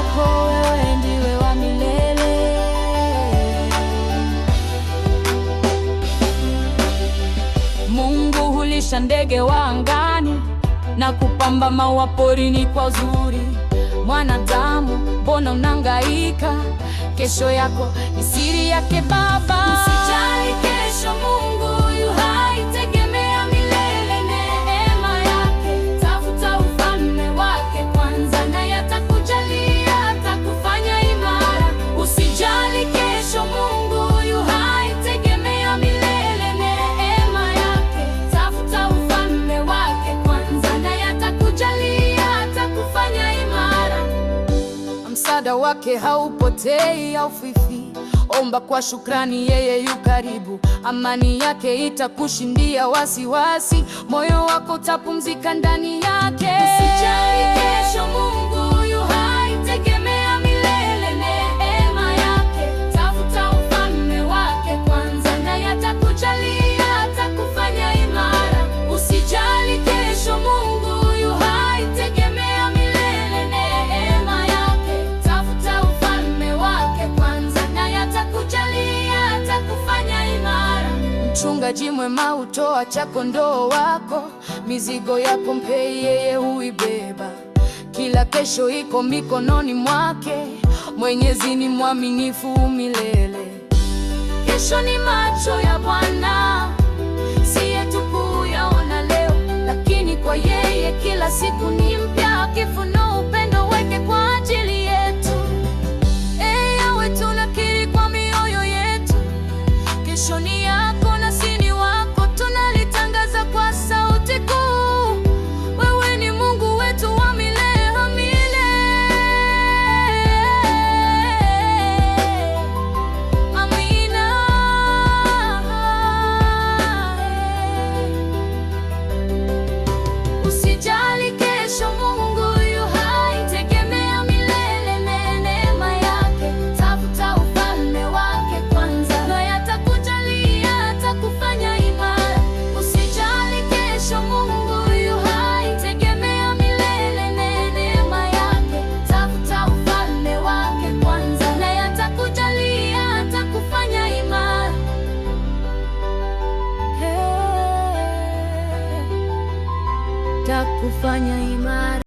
wako, wewe ndiwe wa milele. Mungu hulisha ndege wa angani na kupamba maua porini kwa uzuri. Mwanadamu, mbona unangaika? Kesho yako ni siri yake Baba. Usijali kesho Mungu wake haupotei haufifii. Omba kwa shukrani, yeye yu karibu. Amani yake itakushindia wasiwasi, moyo wako utapumzika ndani yake. Usijali. Mchungaji mwema hutoa cha kondoo wako, mizigo yako mpei yeye huibeba. Kila kesho iko mikononi mwake, Mwenyezi ni mwaminifu milele. Kesho ni macho ya Bwana, si yetu kuyaona leo, lakini kwa yeye kila siku ni mpya. Akifunua upendo wake kwa ajili yetu. Eyawe, ee, tunakiri kwa mioyo yetu, kesho ni kufanya imara.